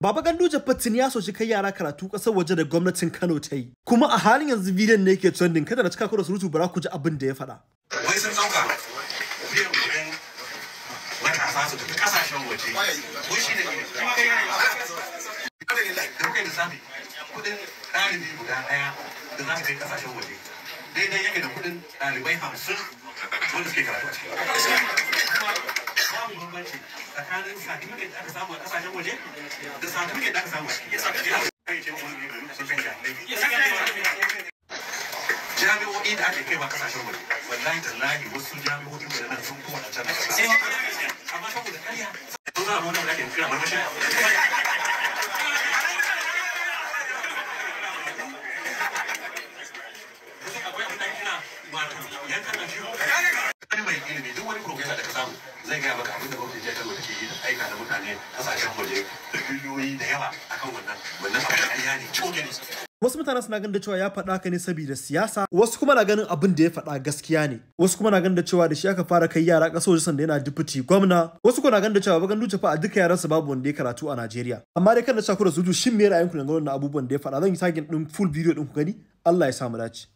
Baba Ganduje Fatin ya soci kai yara karatu ƙasar waje da gwamnatin Kano ta yi. Kuma a halin yanzu bidiyon ne yake trending kada na cika ku da surutu bara ku ji abin da ya faɗa. Wai sun ɗauka biyan kuɗin matasa su tafi ƙasashen waje. Ko shi ne kuma kai yana yi Kada ne like da kai lissafi kuɗin ɗalibi guda ɗaya da za su kai ƙasashen waje. Daidai yake da kuɗin ɗalibai hamsin wanda suke karatu a cikin. tsakanin certificate da aka samu a kasashen waje da certificate da aka samu jami'o'i da ake kai ba kasashen waje wallahi tallahi wasu jami'o'i da nan sun kowa a can amma saboda karya sun zama wani da ake kira marmashin wani mai ilimi duk zai gaya maka abin da gwamnati jihar Kano ke yi da aika da mutane kasashen waje da biliyoyi da yawa akan wannan wannan abin ƙarya ne coke ne Wasu mutanen suna ganin da cewa ya faɗa ka ne saboda siyasa, wasu kuma na ganin abin da ya faɗa gaskiya ne. Wasu kuma na ganin da cewa da shi aka fara kai yara ƙasar waje sanda yana dipiti gwamna. Wasu kuma na ganin da cewa bagan duce fa a duka su babu wanda ya karatu a Najeriya. Amma dai kada da shakura zuju shin me ra'ayinku dangane da abubuwan da ya faɗa zan yi tagin ɗin full video ɗin ku gani. Allah ya samu dace.